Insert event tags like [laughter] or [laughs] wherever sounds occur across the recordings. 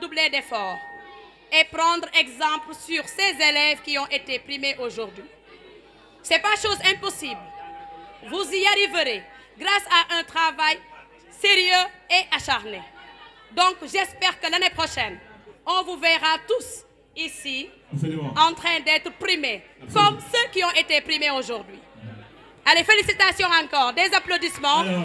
redoubler d'efforts et prendre exemple sur ces élèves qui ont été primés aujourd'hui. C'est pas chose impossible. Vous y arriverez grâce à un travail sérieux et acharné. Donc j'espère que l'année prochaine, on vous verra tous ici en train d'être primés, comme ceux qui ont été primés aujourd'hui. Allez, félicitations encore, des applaudissements. Alors,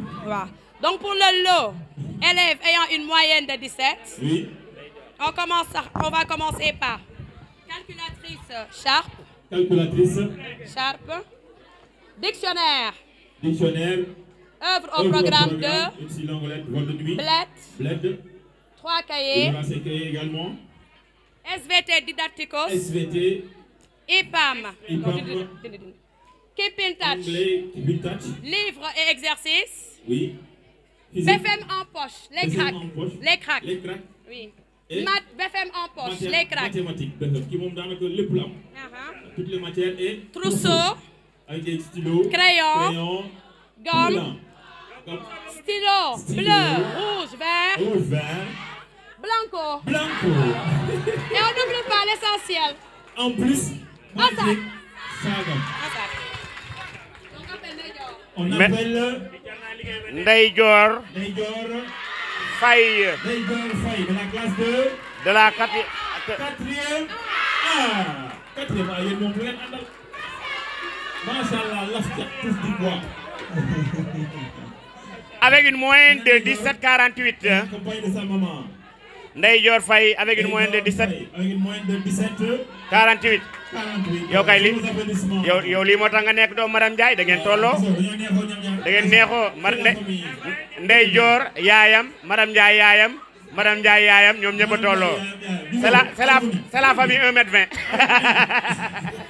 waaw donc pour le lot élèves ayant une moyenne de 17. oui. on va commencer par calculatrice Sharp. calculatrice. Sharp. dictionnaire. œuvre au programme de. trois cahiers. SVT didacticos. SVT. IPAM. IPAM. Keep touch. livres et exercices. Oui. BFM en poche, les cracks. Les cracks. Les cracks. Oui. Math BFM en poche, les cracks. Mathématiques, BFM, qui moom daanaka lépp la am. Uh-huh. Toutes les matières et. Trousseau. Avec des stylos. Crayon. Crayon. Gomme. Stylo. Bleu. Rouge. Vert. Rouge. Vert. Blanco. Blanco. [laughs] Et on n'oublie pas l'essentiel. En plus. En sac. Sac. En sac. On appelle. Ndeyjoor Faye de la quatrième A ah, quatrième A yéen moom leen àndal macha allah laf ca tous [laughs] de 17 48 Ndeyjoor Faye yow kay li yow lii moo tax nga nekk doomu madame Ndiaye dangeen ngeen tolloo da neexoo mar ndey yaayam madame Ndiaye yaayam madame Ndiaye yaayam ñoom ñëpp a tolloo c'est la c'est famille 1 mètre 20.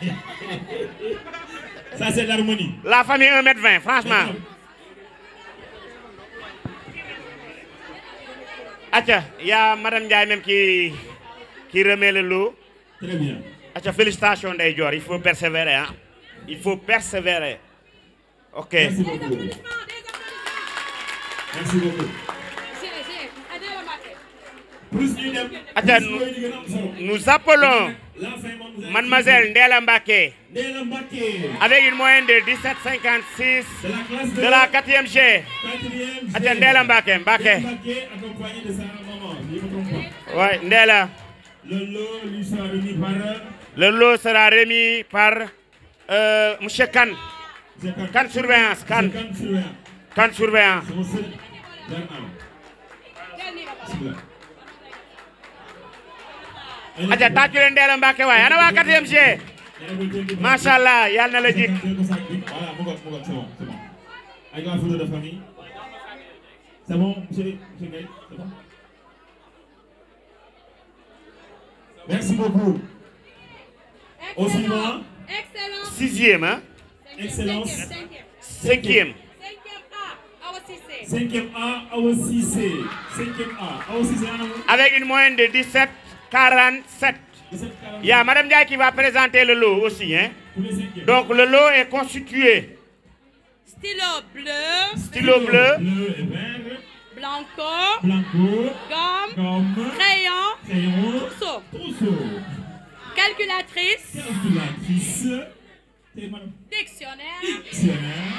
[laughs] ça famille 1 mètre 20 franchement. acca y'a madame Ndiaye même qui qui remet le lot. aca félicitations Ndeye Dior il faut il faut persévérer ok merci beaucoup merci mademoiselle Ndella Mbacké avec une moyenne de 17,56 de la 4e G aca Ndella Mbacké Mbacké ouais Ndella Le lot sera remis par euh, Kan. Kan Surveillance. Kan. Kan Surveillance. aja tàccu leen Ndella Mbacke waay ana waa quatrième G macha allah yàlla na la jik la photo de famille. Au suivant. Excellence. Avec une moyenne de 17, 47. 17, 47. Il Madame Dia qui va présenter le lot aussi. Hein? Donc le lot est constitué. Stylo bleu. Stylo Blanco. Blanco. Gomme. Gomme. Crayon. calculatrice, dictionnaire, dictionnaire,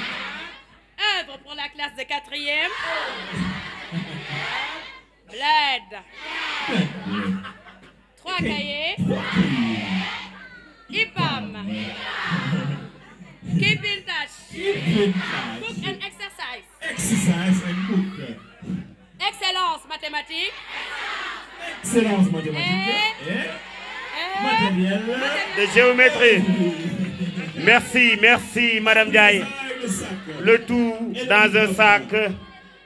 œuvre pour la classe de quatrième, bled, trois cahiers, IPAM, exercise, exercise and book, excellence mathématique, excellence mathématique, Et de géométrie. Merci, merci, Madame Diaye. Le tout dans un sac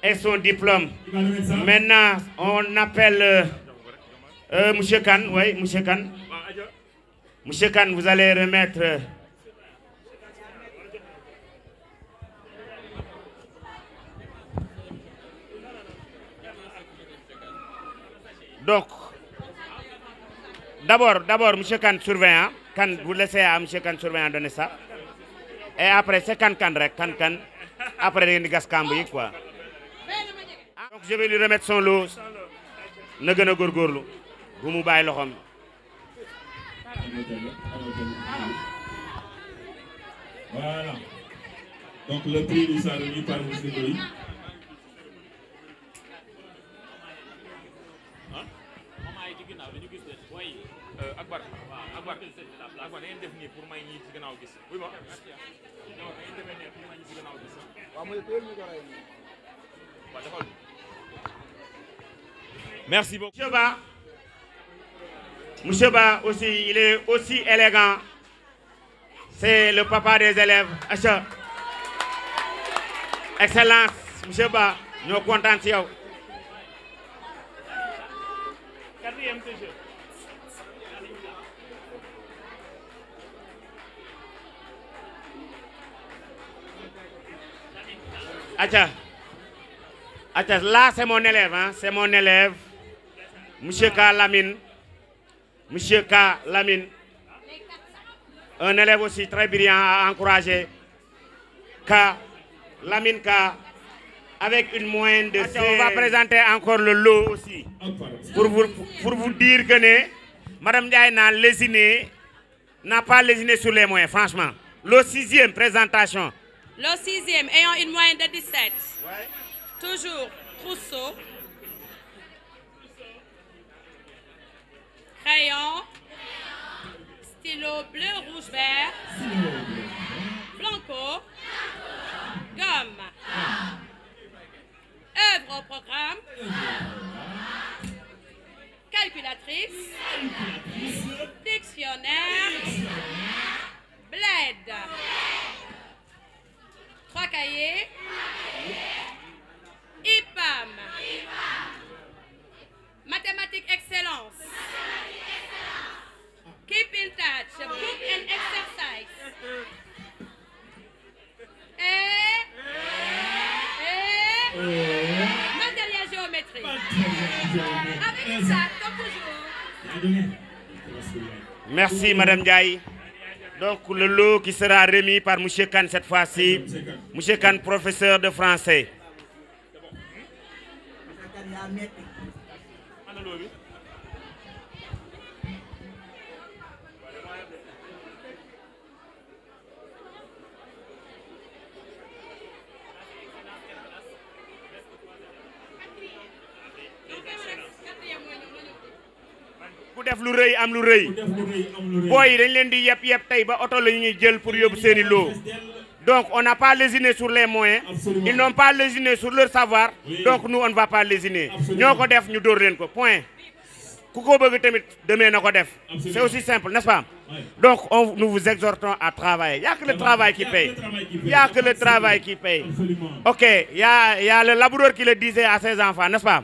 et son diplôme. Maintenant, on appelle euh, euh, Monsieur Khan. Monsieur Khan. vous allez remettre. Euh, donc, D'abord, d'abord, Monsieur Kane, surveillant, quand vous laissez à Monsieur Kane, surveillant, donner ça. Et après, Après, les Gascambi, quoi. Ah, donc, je vais lui remettre son lot. Ne gêne gorgorlo. Vous me baillez l'homme. Voilà. Donc, le prix nous sera remis par Monsieur Loïc. ak ba da ngeen def nii pour may ñii ci gannaaw gis oui ma non da ngeen demee nii pour may ñii ci gannaaw gis waaw mooy ko ñu ko ray nii waaw defal merci beaucoup monsieur Ba monsieur Ba aussi il est aussi élégant c'est le papa des élèves acha excellence monsieur Ba ñoo kontaan ci yow Acha Acha là c'est mon élève hein c'est mon élève monsieur Ka Lamine monsieur Ka Lamine un élève aussi très brillant à encourager Ka Lamine Ka avec une moyenne de Acha, on va présenter encore le lot aussi pour vous dire que ne madame Ndiaye n'a lésiné n'a pas lésiné sur les moyens franchement le sixième présentation Le sixième ayant une moyenne de 17. Ouais. Toujours Trousseau. Crayon. Stylo bleu, rouge, vert. Blanco. Calculatrice. Dictionnaire. Bled. Fakaye, IPAM, Mathématiques Excellence, Keep exercise. Et, [laughs] et, eh. eh. eh. matériel Merci, Madame Diaye. Donc le lot qui sera remis par M. Khan cette fois-ci, M. Khan, professeur de français. def lu rëy am lu rëy booy yi dañ leen di yeb yeb tey ba oto la ñuy jël pour yóbbu seeni loo donc on n'a pas lésiné sur les moyens ils n'ont pas lésiné sur leur savoir donc nous on ne va pas lésiner ñoo ko def ñu dóor leen ko point ku ko bëgg tamit demee na ko def c'est aussi simple n'est-ce pas donc on nous vous exhortons à travailler il y a que le travail qui paye il y a que le travail qui paye ok il y a il y a le laboureur qui le disait à ses enfants nest pas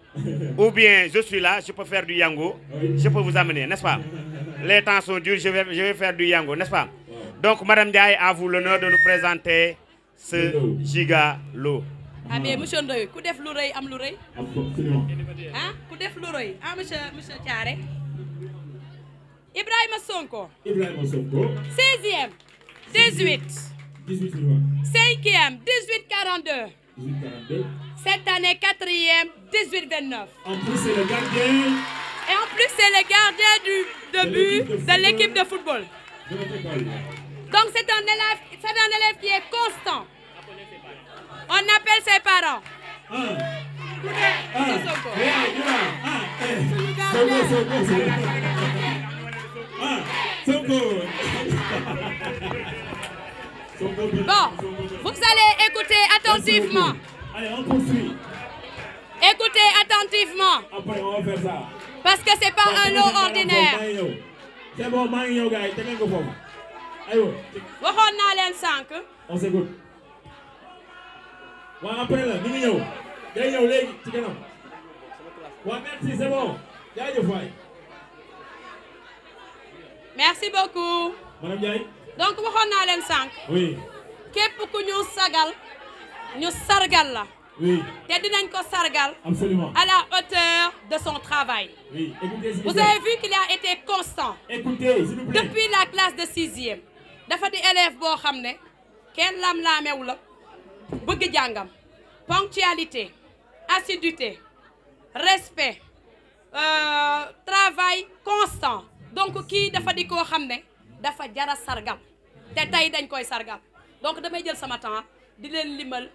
ou bien je suis là, je peux faire du yango, je peux vous amener, nest pas Les temps sont durs, je vais, je vais faire du yango, n'est-ce pas Donc, Madame Diaye, à l'honneur de nous ce gigalo. Ah mais monsieur Ndoye, ku def lu reuy am lu reuy Hein ah, ku def lu reuy Ah monsieur monsieur Thiaré Ibrahima Sonko Ibrahima Cette année, quatrième, En plus, c'est le gardien. Et en plus, c'est le gardien du, de de l'équipe de football. Donc, c'est un, élève, qui est constant. On appelle ses parents. Un. [laughs] Bon, vous allez écouter attentivement. Allez, attentivement. Parce que c'est pas un lot ordinaire. C'est bon, maa ngi ñëw gars yi tege nga foofu. Aywa. Waxoon On s'écoute. Waaw après la, ñu ngi ñëw. Day ñëw léegi ci kanam. merci, beaucoup. donc waxoon naa leen sànq. ku ñu sagal ñu sargal la. te dinañ ko sargal. absolument la hauteur de son travail. oui écoutez vous avez a été constant. depuis la classe de sixième. dafa di élève boo xam ne kenn lam-laamew la bëgg jàngam ponctualité assiduité respect euh, travail constant donc kii dafa di koo xam ne dafa jara sargal te dañ koy sargal donc damay jël sama temps di leen limal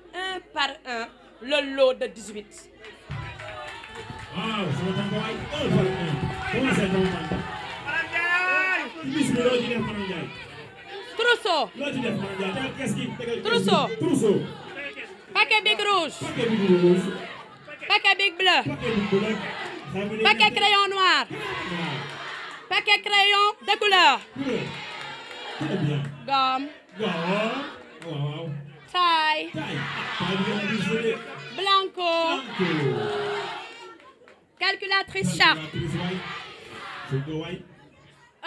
paquet big rouge paquet big bleu paquet crayon noir paquet crayon de couleur gum. waaw waaw. taay. blanco. calculatrice sharp.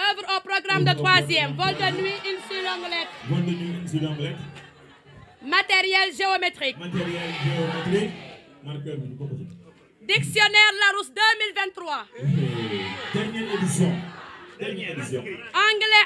œuvre au programme de troisième vol de nuit une si longue lettre. vol de nuit une si longue lettre. matériel géométrique. matériel géométrique. marqueur bi ñu ko bëgg. dictionnaire Larousse 2023. dernière édition. dernière édition. anglais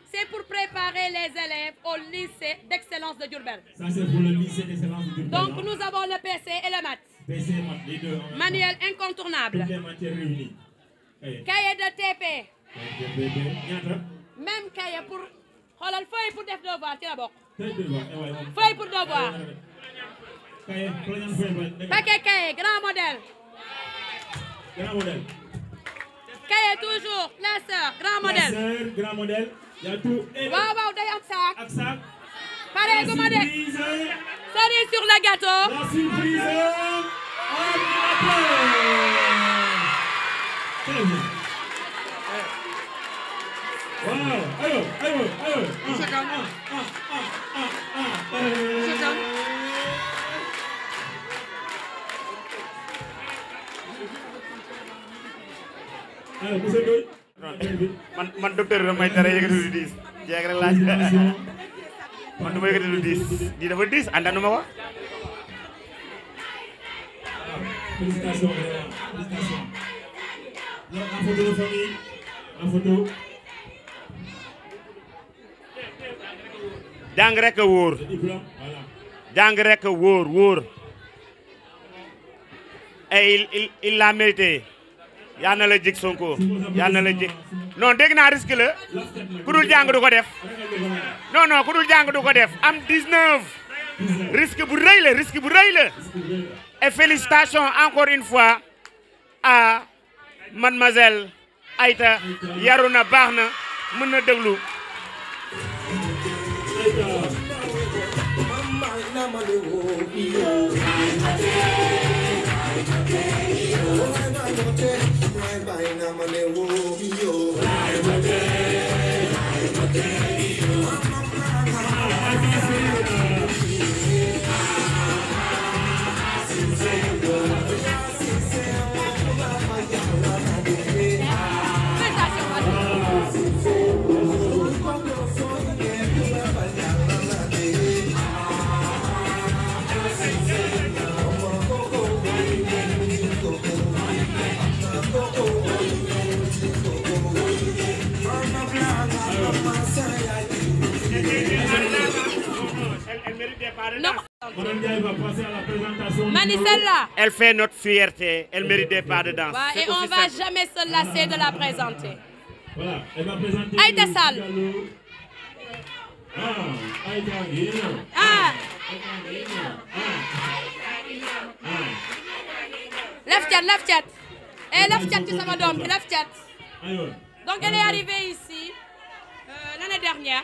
c'est pour préparer les élèves au lycée d'excellence de Diourbel. Ça, c'est pour le lycée d'excellence de Diourbel. Donc, hein? nous avons le PC et le maths. PC et maths, les deux. En Manuel en incontournable. Toutes les matières réunies. Hey. Eh. Cahier de TP. Même cahier pour... xoolal feuille pour def devoir ci la bokk. feuille eh pour devoir. Eh cahier paquet cahier grand modèle. grand modèle. cahier toujours classeur grand modèle. classeur grand modèle. waaw waaw day am saak. ak saak. pare gu ma de. cerise sur le gâteau. la surprise. waaw. aywa aywa aywa. monsieur Kane ah ah ah ah. monsieur Kane. aywa monsieur Ndoye. man man docteur damay dara yëkkati lu diis jeeg rek laaj man du ma yëkkati diis di dafa diis àndanu ma ko. félicitations félicitations. wóor. jàng rek wóor wóor. et eh, il il il l'a yal na la jig Sonko yal na la jig non dégg naa risque la ku dul jàng du ko def non non ku dul ko def am 19 risque bu rëy la risque bu rëy la et félicitations encore une fois à mademoiselle Aïta yaru na baax na mën na déglu ma ne woo yo. laay ma dee laay ma dee. Mani, celle-là. Elle fait notre fierté. Elle mérite des pas de danse. Ouais, et on ne va simple. jamais se lasser de la ah. présenter. Voilà, elle va présenter. Aïda Sall. Ah, Aïda Ah. ah. Laf cat, laf cat. Eh, laf cat, tu sais ma dame, laf cat. Donc, elle est arrivée ici euh, l'année dernière.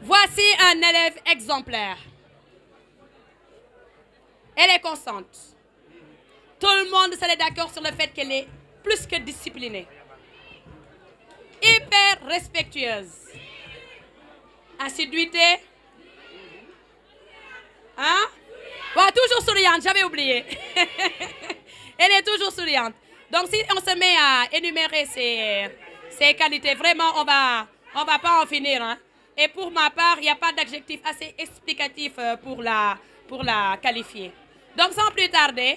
Voici un élève exemplaire. Elle est constante. Tout le monde serait d'accord sur le fait qu'elle est plus que disciplinée. Hyper respectueuse. Assiduité. Hein? toujours souriante, j'avais oublié. [laughs] Elle est toujours souriante. Donc si on se met à énumérer ses, qualités, vraiment, on va, va pas en finir. Et pour ma part, il n'y a pas d'adjectif assez explicatif euh, pour la, pour la qualifier. Donc sans plus tarder,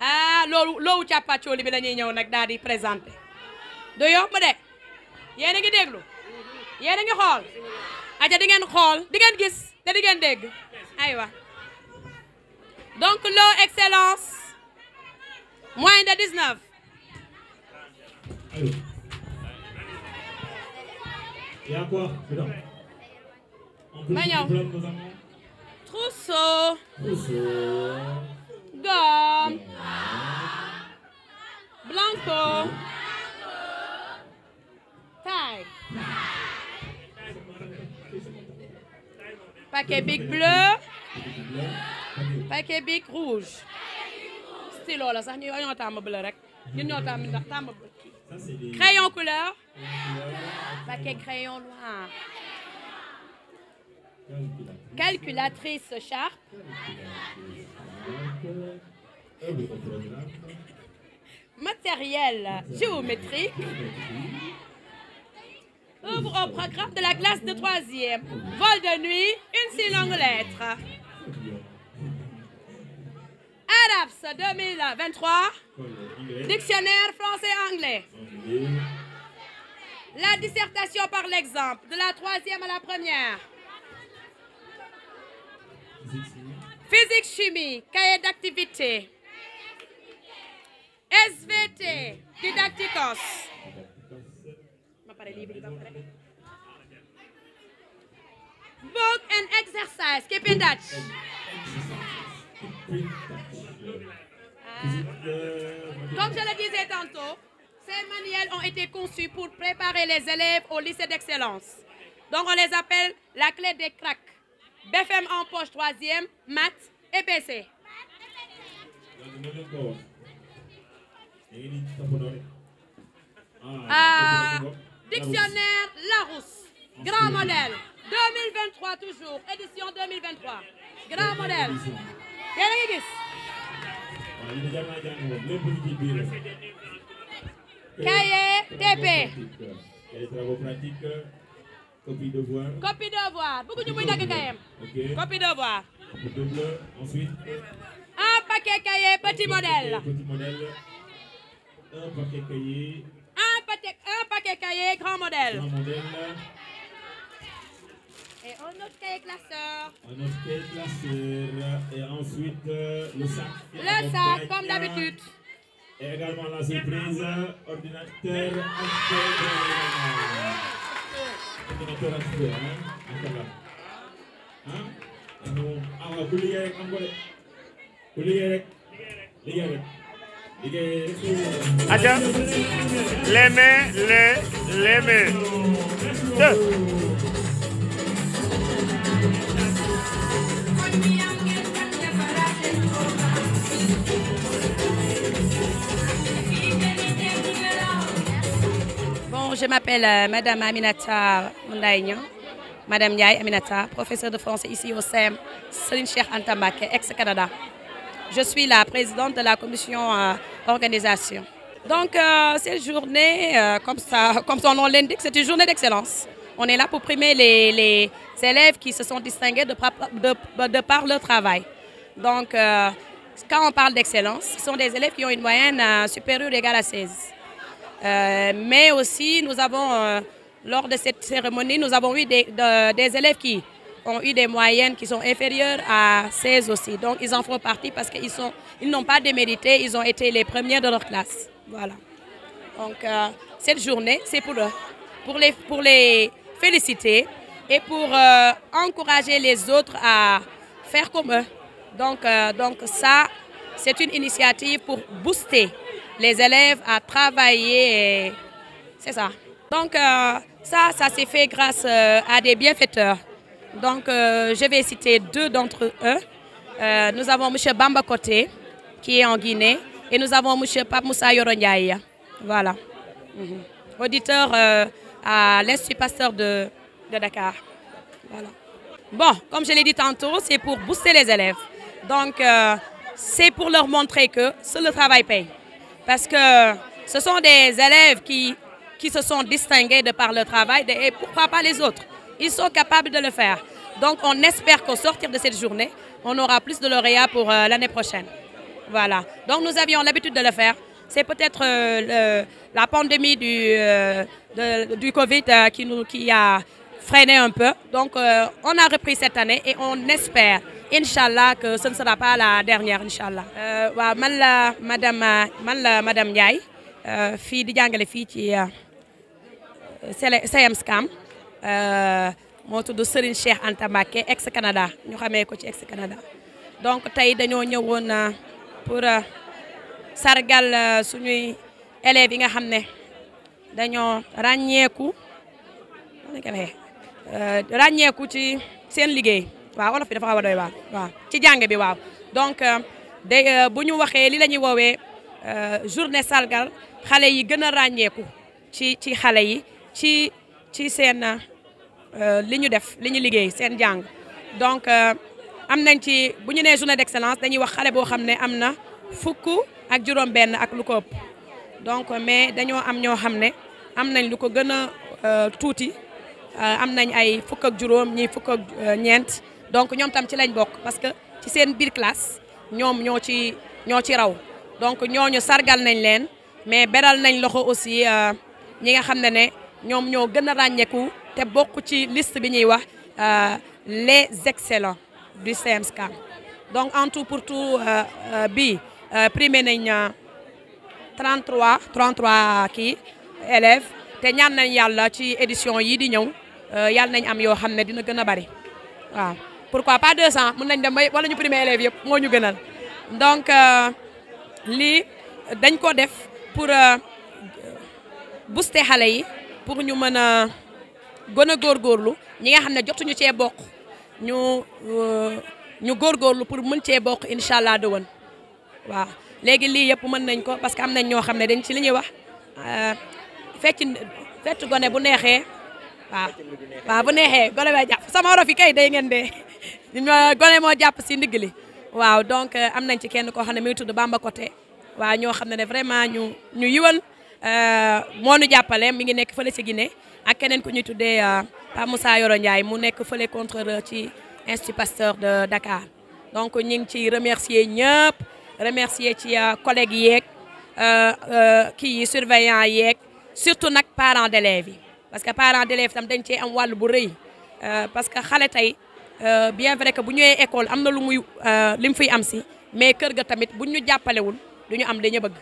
ah loolu loowu càppaacóoli bi lañuy ñuy ñëw nag daal di présenté du yomb de yéen a ngi déglu yéen a ngi xool aja di ngeen xool di ngeen gis te ngeen dégg aywa donc l'eau excellence moins de 19 Il y ma ñëw trousseau gomme blanco taille paquet bic bleu paquet bic rouge stylo la sax ñu ñoo tàmm bleu rek ñun ñoo tàmm ndax tàmm bleu crayon couleur paquet crayon noir Calculatrice Sharp. Matériel géométrique. Ouvre au programme de la classe de troisième. Vol de nuit, une si longue lettre. ARAPS 2023. Dictionnaire français-anglais. La dissertation par l'exemple, de la troisième à la première. physique chimie cahier d'activité SVT didacticos ah. comme je le disais tantôt ces manuels ont été conçus pour préparer les élèves au lycée d'excellence donc on les appelle la clé des cracks BFM en poche troisième maths et euh, dictionnaire Larousse grand modèle toujours édition grand modèle yéen a cahier TP. Copie de voir. Copie de voir. Bëgguñu muy dagg kayem. OK. Copie de voir. Double, ensuite. Un petit modèle. Petit modèle. Un paquet cahier. Un paquet un paquet cahier grand modèle. Grand modèle. Et un autre cahier classeur. Un autre cahier classeur. interaction ah ku liggéey rek am ko de ku liggéey rek liggéey rek liggéey rek aja les mains les les mains je m'appelle euh, Madame Aminata Moundaïnian, Madame Ndiaye Aminata, professeure de français ici au CEM Serigne Cheikh ex-Canada. Je suis la présidente de la commission euh, organisation. Donc euh, cette journée, euh, comme, son nom c'est une journée d'excellence. On est là pour primer les, élèves qui se sont distingués de, par leur travail. Euh, quand on parle d'excellence, ce sont des élèves qui ont une moyenne euh, supérieure ou à Euh, mais aussi, nous avons, euh, lors de cette cérémonie, nous avons eu des, de, des élèves qui ont eu des moyennes qui sont inférieures à 16 aussi. Donc, ils en font partie parce qu'ils n'ont ils pas démérité, ils ont été les premiers de leur classe. Voilà. Donc, euh, cette journée, c'est pour eux, pour les, pour les féliciter et pour euh, encourager les autres à faire comme eux. Donc, euh, donc ça, c'est une initiative pour booster les élèves à travailler. C'est ça. Donc euh, ça, ça s'est fait grâce euh, à des bienfaiteurs. Donc euh, je vais citer deux d'entre eux. Euh, nous avons M. Bamba Koté, qui est en Guinée, et nous avons M. Pape Moussa Yoroniaïa. Voilà. Mm -hmm. Auditeur euh, à l'Institut Pasteur de, Dakar. Bon, comme je l'ai dit tantôt, c'est pour booster les élèves. Donc, c'est pour leur montrer que seul le travail paye. parce que ce sont des élèves qui, qui se sont distingués de par leur travail et pourquoi pas les autres. Ils sont capables de le faire. Donc on espère qu'au sortir de cette journée, on aura plus de lauréats pour euh, l'année prochaine. Voilà. Donc nous avions l'habitude de le faire. C'est peut-être euh, la pandémie du, euh, de, du Covid euh, qui, nous, a freiner un peu. Donc, euh, on a repris cette année et on espère, Inch'Allah, que ce sera pas la dernière, Inch'Allah. Euh, ouais, man la, madame, man la, madame Ndiaye, euh, fii de Djangale, fille qui euh, CM Scam, euh, moo tudd Serigne Cheikh Anta Mbacké ex Canada ñu xamee ko ci ex Canada donc tey dañoo ñëwoon euh, pour euh, sargal suñuy élèves yi nga xam ne dañoo ràññeeku Euh, ràññeeku ci seen liggéey waaw olof bi dafa xaw a doy waaw ci jàng bi waaw donc euh, day euh, bu ñu waxee li lañuy ñuy woowee journée salgal xale yi gën a ràññeeku ci ci xale yi ci ci seen li ñu def li ñu liggéey seen jàng donc am nañ ci bu ñu nee journée d'excellence dañuy wax xale boo xam ne am na fukk ak juróom-benn ak lu ko ëpp donc mais dañoo am ñoo xam ne am nañ lu ko gën a tuuti Euh, am nañ ay fukk ak juróom ñi fukk euh, ñeent donc ñoom tam ci lañ bokk parce que ci seen biir classe ñoom ñoo ci ñoo ci raw donc ñooñu sargal nañ leen mais beral nañ loxo aussi euh, ñi nga xam ne ne ñoom ñoo gën a ràññeeku te bokk ci liste bi ñuy wax les excellents du CMSK donc en tout pour tout bi primé nañ 33 33 kii élèves te ñaan nañ yàlla ci édition yi di ñëw Euh, yàlla nañ am yoo xam ne dina gën a bari waaw pourquoi pas 200 mën nañ dem bay wala ñu premier élève yëpp moo ñu gënal donc euh, lii dañ ko def pour euh, booster xale yi pour ñu mën a gën a góorgóorlu ñi nga xam ne jotuñu cee bokk ñu ñu góorgóorlu pour mun cee bokk incha allah dëwën waaw léegi lii yëpp mën nañ ko parce que am nañ ñoo xam ne dañ ci li ñuy wax fecc gone bu neexee. waaw bu neexee gone bay jàpp sama orof yi kay day ngeen dee gone moo jàpp si ndigg li waaw donc euh, am nañ ci kenn koo xam ne mi tudd Bamba Koté waa ñoo xam ne ne vraiment ñu ñu yiwal euh, moo nu jàppale mi ngi nekk fële si Guinée ak keneen ku ñuy tuddee euh, Pa Moussa Yoro Ndiaye mu nekk fële contrôleur ci Institut Pasteur de Dakar donc ñu ngi ciy remercier ñëpp remercier ci collègues yeeg kii yi surveillant yeeg surtout nag parents d'élèves yi parce que parents d'élèves tam dañ cee am wàll bu rëy euh, parce que xale tey euh, bien vrai que bu ñëwee école am na lu muy euh, li mu fiy am si mais kër ga tamit bu ñu jàppalewul du ñu am dañu bëgg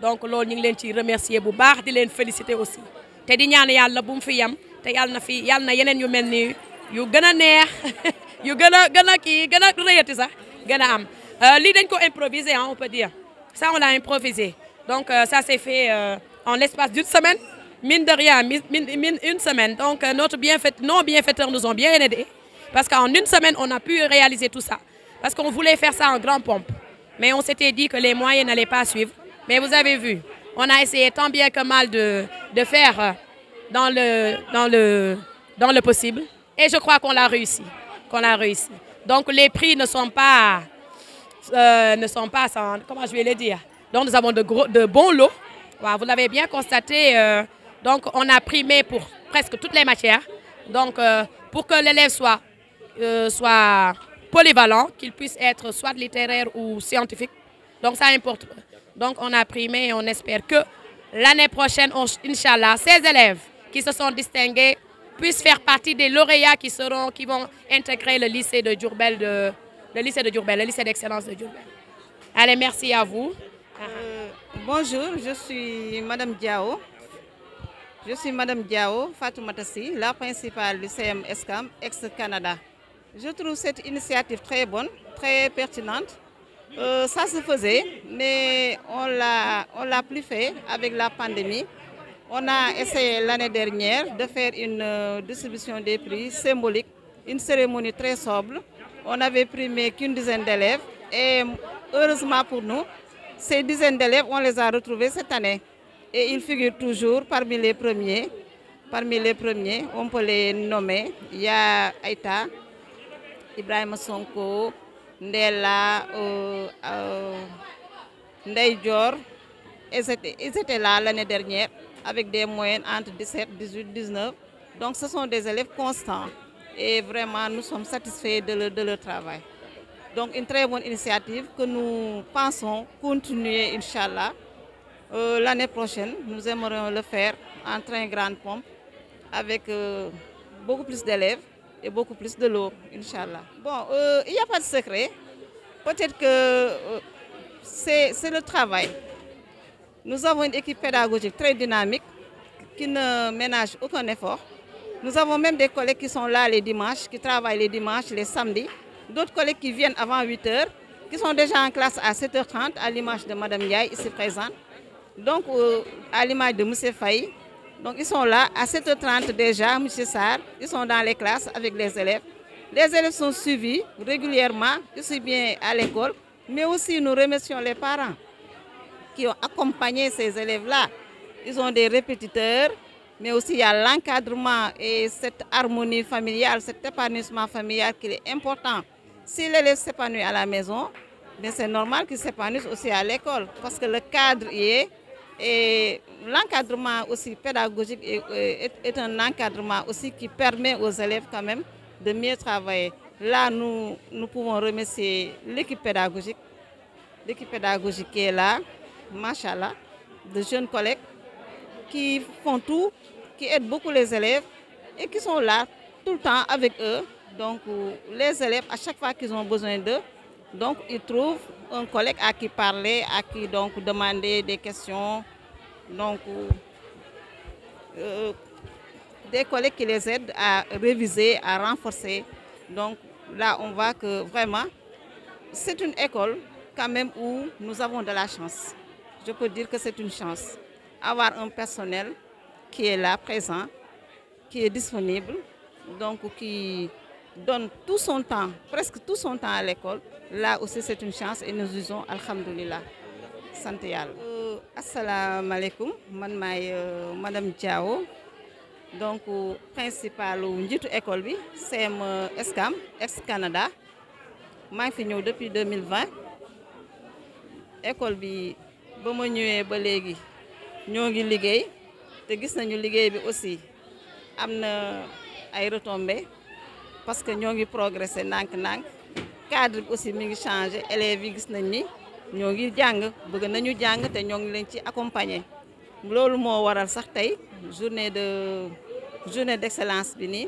donc loolu ñu ngi leen ciy remercier bu baax di leen féliciter aussi te di ñaan yàlla bu mu fi am te yàlla na fi yàlla na yeneen yu mel ni yu gën a neex [laughs] yu gën a gën a kii gën a rëyati sax gën a am lii dañ ko improviser ah on peut dire ça on l'a improvisé donc ça s'est fait en l'espace d'une semaine mine de rien, mine, une semaine. Donc, euh, notre bienfait, nos bienfaiteurs nous ont bien aidés. Parce qu'en une semaine, on a pu réaliser tout ça. Parce qu'on voulait faire ça en grande pompe. Mais on s'était dit que les moyens n'allaient pas suivre. Mais vous avez vu, on a essayé tant bien que mal de, faire euh, dans le, dans, le, dans possible. Et je crois qu'on l'a réussi. Donc les prix ne sont pas, euh, ne sont pas comment je vais le dire. nous avons de, bons lots. vous l'avez bien constaté, euh, Donc, on a primé pour presque toutes les matières. Donc, euh, pour que l'élève soit, euh, soit polyvalent, qu'il puisse être soit littéraire ou scientifique. Donc, ça importe. Donc, on a primé et on espère que l'année prochaine, Inch'Allah, ces élèves qui se sont distingués puissent faire partie des lauréats qui, seront, qui vont intégrer le lycée de Djurbel, de, le lycée de Djurbel, le lycée d'excellence de Djurbel. Allez, merci à vous. Euh, bonjour, je suis Madame Diao. Je suis Madame Diao Fatoumatassi, la principale du CM ESCAM, ex-Canada. Je trouve cette initiative très bonne, très pertinente. Euh, ça se faisait, mais on l'a plus fait avec la pandémie. On a essayé l'année dernière de faire une euh, distribution des prix symbolique, une cérémonie très sobre. On avait primé qu'une dizaine d'élèves et heureusement pour nous, ces dizaines d'élèves, on les a retrouvés cette année. et ils figurent toujours parmi les premiers. Parmi les premiers, on peut les nommer. Il y a Aïta, Ibrahim Sonko, Ndela, euh, euh, Ndeyjor. Ils là l'année dernière avec des moyennes entre 17, 18, 19. Donc ce sont des élèves constants et vraiment nous sommes satisfaits de leur, de leur travail. Donc une très bonne initiative que nous pensons continuer, Inch'Allah. Euh, L'année prochaine, nous aimerions le faire en train grande pompe avec euh, beaucoup plus d'élèves et beaucoup plus de l'eau, Inch'Allah. Bon, euh, il n'y a pas de secret. Peut-être que euh, c'est le travail. Nous avons une équipe pédagogique très dynamique qui ne ménage aucun effort. Nous avons même des collègues qui sont là les dimanches, qui travaillent les dimanches, les samedis. D'autres collègues qui viennent avant 8h, qui sont déjà en classe à 7h30, à l'image de Madame Yaï, ici présente. Donc, euh, à l'image de M. Faye, donc ils sont là à 7h30 déjà, monsieur Sarr, ils sont dans les classes avec les élèves. Les élèves sont suivis régulièrement, aussi bien à mais aussi nous remercions les parents qui ont accompagné ces élèves-là. Ils ont des répétiteurs, mais aussi il y a l'encadrement et cette harmonie familiale, cet épanouissement familial qui est important. Si l'élève s'épanouit à la maison, c'est normal qu'il s'épanouisse aussi à l'école, Et l'encadrement aussi pédagogique e est, est, un encadrement aussi qui permet aux élèves quand même de mieux travailler. Là, nous, nous pouvons remercier l'équipe pédagogique, l'équipe pédagogique qui est là, Machallah, de jeunes collègues qui font tout, qui aident beaucoup les élèves et qui sont là tout le temps avec eux. Donc, les élèves, à chaque fois qu'ils ont besoin d'eux, donc ils trouvent un collègue à qui parler, à qui donc demander des questions. Donc, euh, des collègues qui les aident à réviser, à renforcer. Donc là, on voit que vraiment, c'est une école quand même où nous avons de la chance. Je peux dire que c'est une chance. Avoir un personnel qui est là, présent, qui est disponible, donc qui donne tout son temps, presque tout son temps à l'école, là aussi c'est une chance et nous disons Alhamdulillah. sant yàlla. Euh, asalaamaaleykum man maay euh, madame Diawo donc euh, principalu njiitu école bi CM Escam ex Canada maa ngi fi ñëw depuis 2020 école bi ba ma ñëwee ba léegi ñoo ngi liggéey te gis nañu liggéey bi aussi am na ay retombe parce que ñoo ngi progressé ndànk-ndànk cadre bi aussi mi ngi changé élèves yi gis nañ ni ñoo ngi jàng bëgg nañu jàng te ñoo ngi leen ci accompagner loolu moo waral sax tey journée de journée d'excellence bi nii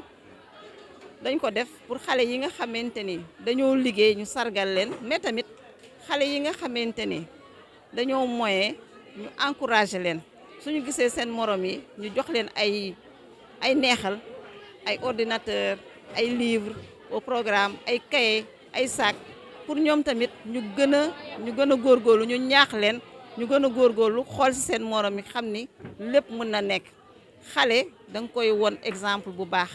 dañ ko def pour xale yi nga xamante ni dañoo liggéey ñu sargal leen mais tamit xale yi nga xamante ni dañoo moye ñu encourager leen su ñu gisee seen morom yi ñu jox leen ay ay neexal ay ordinateur ay livres au programme ay cahier ay sac pour ñoom tamit ñu gën a ñu gën a góorgóorlu ñu ñaax leen ñu gën a góorlu xool si seen morom yi xam ni lépp mën na nekk xale da nga koy won exemple bu baax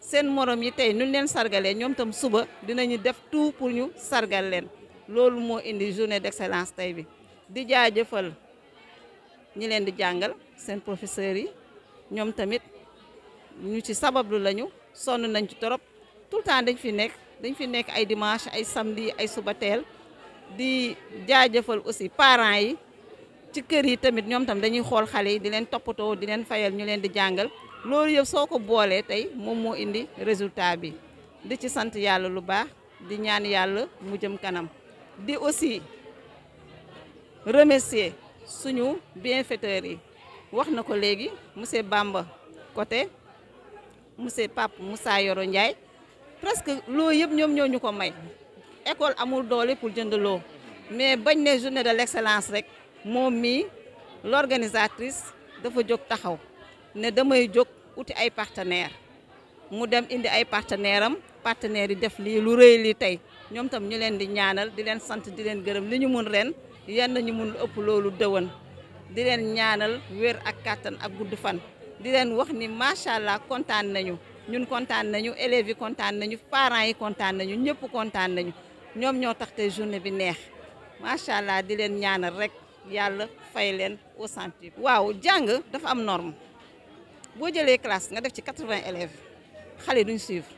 seen morom yi tey nuñ leen sargalee ñoom tam suba dinañu def tout pour ñu sargal leen loolu moo indi journée d'excellence tey bi di jaajëfal ñi leen di jàngal seen professeurs yi ñoom tamit ñu ci sabablu lañu sonn nañ ci torop tout le temps dañ fi nekk dañ fi nekk ay dimanche ay samedi ay suba teel di jaajëfal aussi parents yi ci kër yi tamit ñoom tam dañuy xool xale yi di leen toppatoo di leen fayal ñu leen di jàngal loolu yëpp soo ko boolee tey moom moo indi résultat bi di ci sant yàlla lu baax di ñaan yàlla mu jëm kanam di aussi remercier suñu bienfaiteurs yi wax na ko léegi monsieur Bamba côté monsieur Pape Moussa Yoro Ndiaye presque loo yëpp ñoom ñoo ñu ko may école amul doole pour jënd loo mais bañ ne journée de l'excellence rek moom mii l'organisatrice dafa jóg taxaw ne damay jóg wuti ay partenaires mu dem indi ay partenaires am partenaires yi def lii lu rëy lii tey ñoom tam ñu leen di ñaanal di leen sant di leen gërëm li ñu mun ren yan nañu mun lu ëpp loolu dëwan di leen ñaanal wér ak kàttan ak gudd fan di leen wax ni macha allah kontaan nañu ñun kontaan nañu élève yi kontaan nañu parent yi kontaan nañu ñëpp kontaan nañu ñoom ñoo tax te journée bi neex macha allah di leen ñaanal rek yàlla fay leen au centuple. waaw jàng dafa am norme boo jëlee classe nga def ci quatre-vingts élève xale duñ suivre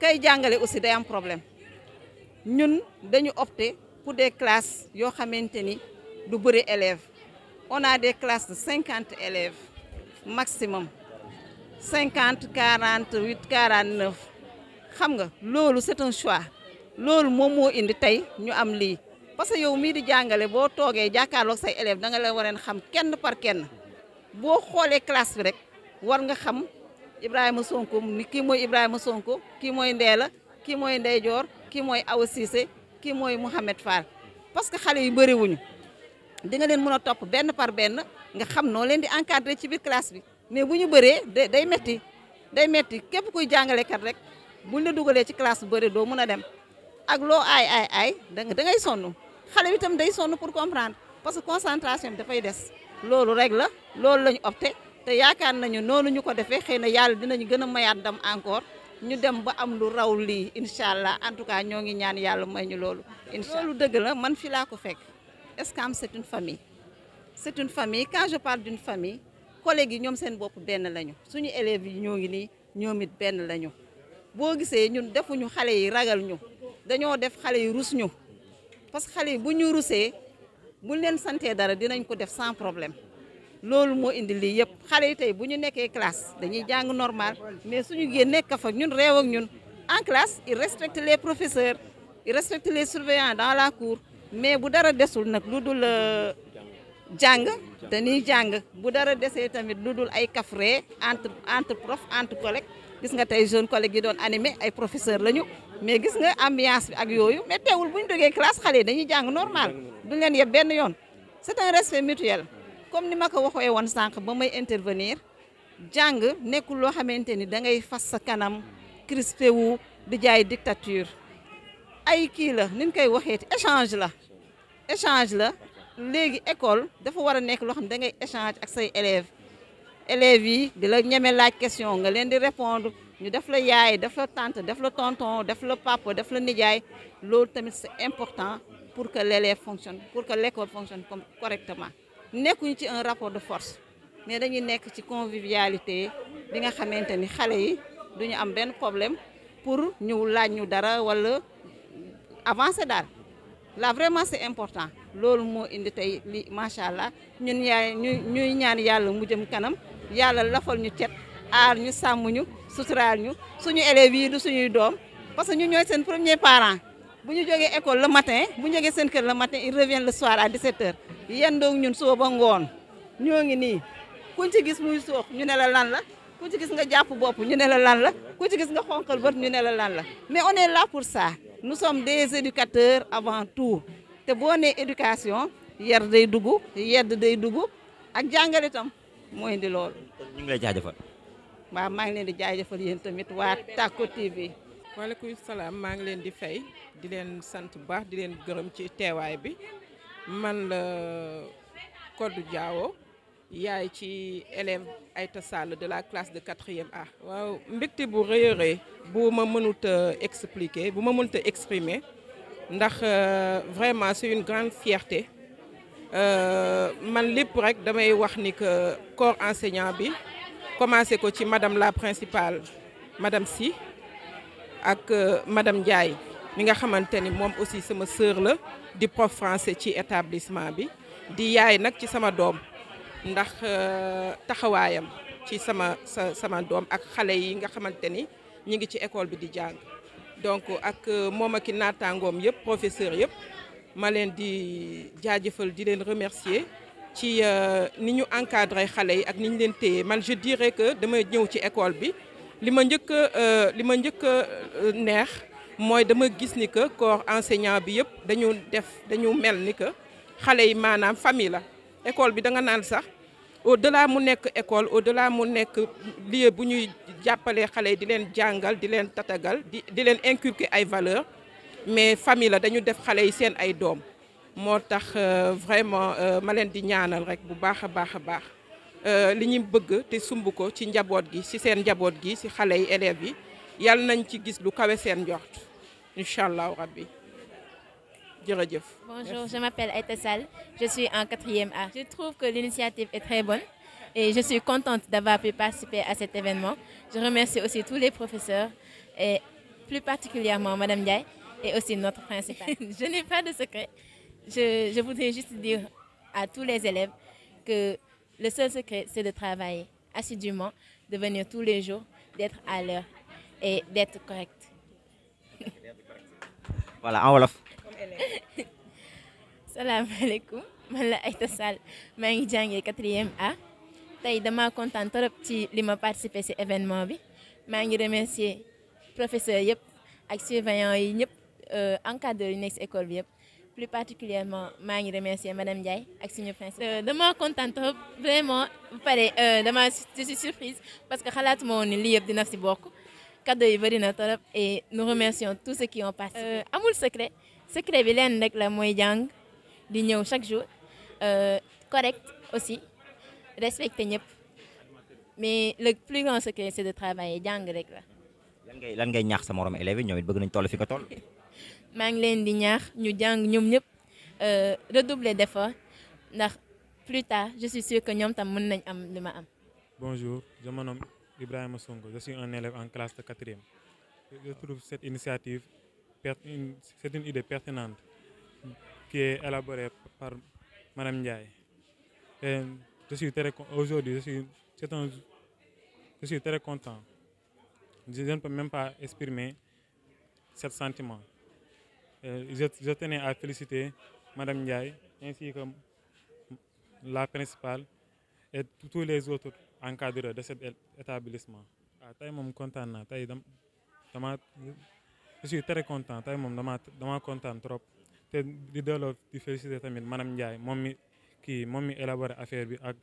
kay jàngale aussi day am problème ñun dañu opter pour des classes yoo xamante ni du bëri élève on a des classes de cinquante élèves. maximum cinquante quarante huit quarante neuf xam nga loolu c'est un choix loolu moom moo indi tey ñu am lii parce que yow mii di jàngale boo toogee jàkkaarloog say élèves danga nga leen war xam kenn par kenn boo xoolee classe bi rek war nga xam Ibrahima Sonko ni kii mooy Ibrahima Sonko kii mooy Ndéla kii mooy Ndey kii mooy Awa Cissé kii mooy Mouhamed Fall parce que xale yi bëri wuñu di leen mën a topp benn par benn nga xam noo leen di encadrer ci biir classe bi mais bu ñu bëree day metti day metti képp kuy kat rek buñ la dugalee ci classe bu bëree doo mën a dem ak loo aay aay aay da ngay sonn xale bi itam day sonn pour comprendre parce que concentration bi dafay des loolu rek la loolu la ñu opté te yaakaar nañu noonu ñu ko defee xëy na yàlla dinañu gën a mayaat dam encore ñu dem ba am lu raw lii incha allah en tout cas ñoo ngi ñaan yàlla may ñu loolu. incha allah loolu la man fi laa ko fekk Ucam c'est une famille. c'est une famille quand je parle d'une famille collègues yi ñoom seen bopp benn lañu suñu élèves yi ñoo ngi nii ñoom it benn lañu boo gisee ñun defuñu xale yi ragal ñu dañoo def xale yi rus ñu parce que xale yi bu ñu rusee buñ leen santee dara dinañ ko def sans problème loolu moo indi lii yëpp xale yi tey bu ñu nekkee classe dañuy jàng normal mais suñu génnee kafa ñun réew ak ñun en classe ils respectent les professeurs ils respectent les surveillants dans la cour mais bu dara desul nag lu euh, jàng dañuy jàng bu dara desee tamit lu dul ay kafre entre entre prof entre collègue gis nga tey jeune collègue yi doon animé ay professeur lañu mais gis nga ambiance bi ak yooyu mais teewul bu ñu duggee classe xale dañuy jàng normal duñ leen yeb benn yoon c'est un respect mutuel comme ni ma ko waxee woon sànq ba may intervenir jàng nekkul loo xamante ni da ngay fas sa kanam crispé wu di jaay dictature ay kii la ni ñu koy waxeeti échange la échange la léegi école dafa war a nekk loo xam ne da ngay échange ak say élèves élèves yi di la ñeme laaj question nga leen di répondre ñu def la yaay def la tante def la tonton def la papa def la nijaay loolu tamit c'est important pour que l'élève fonctionne pour que l'école fonctionne comme correctement nekkuñu ci un rapport de force mais dañuy nekk ci convivialité bi nga xamante ni xale yi duñu am benn problème pour ñu laaj ñu dara walla avancer daal là vraiment c'est important loolu moo indi tey li macha allah ñun yaay ñu ñuy ñaan yàlla mu jëm kanam yàlla lafal ñu cet aar ñu sàmm ñu suturaal ñu suñu élèves yi du suñuy doom parce que ñu ñooy seen premier parent bu ñu jógee école la matin bu ñu jógee seen kër la matin il revient le soir à 17h yendoog ñun suba ba ngoon ñoo ngi nii kuñ ci gis muy soox ñu ne la lan la ku ci gis nga jàpp bopp ñu ne la lan la ku ci gis nga xonqal bët ñu ne la lan la mais on est là pour avant tout te boo nee éducation yar day dugg yedd day dugub ak jàngale itam moo indi loolu. ñu ngi lay jaajëfal. waaw maa ngi leen di jaajëfal yéen tamit waa Tacko TV. waaleykum salaam maa ngi leen di fay di leen sant bu baax di leen gërëm ci teewaay bi man la Codou jaawo yaay ci élève Aïta Sall de la classe de quatrième A. waaw mbégte bu rëy a rëy bu ma mënut a expliquer bu ma mënuta a ndax euh, vraiment c'est une grande fierté euh, man lépp rek damay wax ni que corps enseignant bi commencé ko ci madame la principale madame si ak euh, madame njaay mi nga xamante ni moom aussi sama sœur la di prof français ci établissement bi di yaay nag ci sama doom ndax taxawaayam ci sama sa sama doom ak xale yi nga xamante ni ñi ngi ci école bi di jàng donc ak euh, moom aki i naataangoom yëpp professeur yëpp ma leen di jaajëfal di leen remercier ci euh, ni ñu encadré xale yi ak ni ñu leen téye man je dire que dama ñëw ci école bi li ma njëkk euh, li ma njëkk neex mooy dama gis ni que corps enseignant bi yëpp dañu def dañu mel ni que xale yi maanaam famille la école bi da nga naan sax au delà mu nekk école au delà mu nekk lieu bu ñuy jàppalee xale yi di leen jàngal di leen tatagal di di leen inculquer ay valeurs mais famille dañu def xale yi seen ay doom moo tax euh, vraiment euh, ma leen di ñaanal rek bu baax a baax a baax euh, li ñu bëgg te sumb ko ci njaboot gi ci seen njaboot gi ci xale yi élèves yi yàlla nañ ci gis lu kawe seen njort incha allahu rabbi Bonjour, Merci. je m'appelle Aïta Sal, je suis en 4e A. Je trouve que l'initiative est très bonne et je suis contente d'avoir pu participer à cet événement. Je remercie aussi tous les professeurs et plus particulièrement Madame Ndiaye et aussi notre principale. [laughs] je n'ai pas de secret. Je, je voudrais juste dire à tous les élèves que le seul secret, c'est de travailler assidûment, de venir tous les jours, d'être à l'heure et d'être correct. en Wolof. salaam man la ay Sall maa ngi jàngee quatrième A tey dama kontaan trop ci li ma participé si événement bi maa ngi remercier professeur yëpp ak surveillant yi ñëpp euh, encadreur yi nekk école bi yëpp plus particulièrement maa ngi remercier madame Ndiaye ak suñu principal. Euh, dama kontaan trop vraiment bu pare euh, dama si surprise parce que xalaatuma woon ni lii yëpp dina ci bokk cadeau yi bëri na trop et nous remercions tous ceux qui ont participé. amul secret secret bi leen rek la mooy jàng. di ñëw chaque jour euh, correct aussi respecter ñëpp mais le plus grand secret c'est de travailler jàng rek la. lan ngay lan ngay ñaax sa morom élèves yi ñoom it bëgg nañ toll fi nga toll. [laughs] maa ngi leen di ñaax ñu jàng ñoom ñëpp euh, redoubler d'efforts ndax plus tard je suis sûre que ñoom tam mën nañ am li ma am. bonjour je me nomme Ibrahima Sonko je suis un élève en classe de quatrième je trouve cette initiative c'est une qui est élaboré par Madame Ndiaye. Et je suis très aujourd'hui, je content. Je ne peux même pas exprimer ce sentiment. je, je à féliciter Madame Ndiaye ainsi que la principale et tous les autres encadreurs de cet établissement. ah tey moom kontaan naa tey je suis très content tey moom dama dama trop. te di delloo di félicité tamit maanaam Ndiaye moom mi kii moom mi élaboré affaire bi ak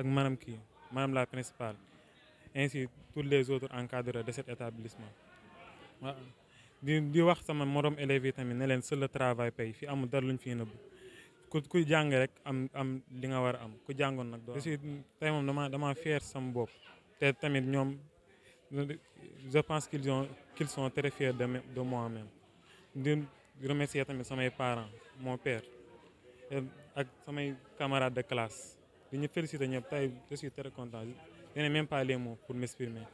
ak maanaam kii maanaam la principale ainsi tout les autres encadreurs de cet établissement waaw di wax sama morom élèves tamit ne leen seul le travail paye fi amul dara luñ fi nëbb ku ku jàng rek am am li nga war am ku jàngoon nag doo si tey moom dama dama sama bopp te tamit ñoom je pense qu'ils ont qu'ils sont très fiers de mois même remercier tamit samay parent mon père ak samay camarades de classe di ñu féliciter ñëpp tey je suis très content je n'ai même pas les mots pour m'exprimer